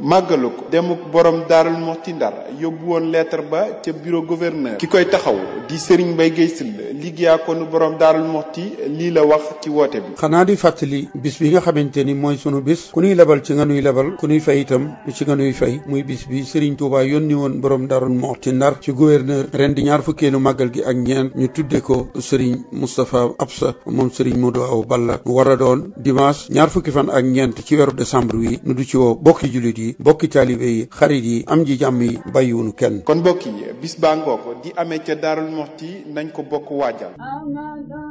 màggalu ko demuk borom daarul moxti ndar yóbbu woon lettre ba ca buro gouverneur ki koy taxaw di Serigne bay Guèye liggéeyaa ko di fàttali bis bi nga xamante ni mooy sunu bis ku nuy ku nuy fay itam ci nga bi Serigne Touba yónni woon borom daarul moxti ndar ci gouverneur ren di ñaar fukkeelu màggal gi ak ñeent ñu tudde ko Serigne Moustapha war a doon dimanche ñaar fukki fan ak ñeent ci weeru décembre wi nu du ci woo bokki jullit yi bokki taalibe yi yi am ji jàmm yi bàyyiwunu kenn kon bokki bis baa ngoog di amee ca daarul moxti nañ ko bokk waajal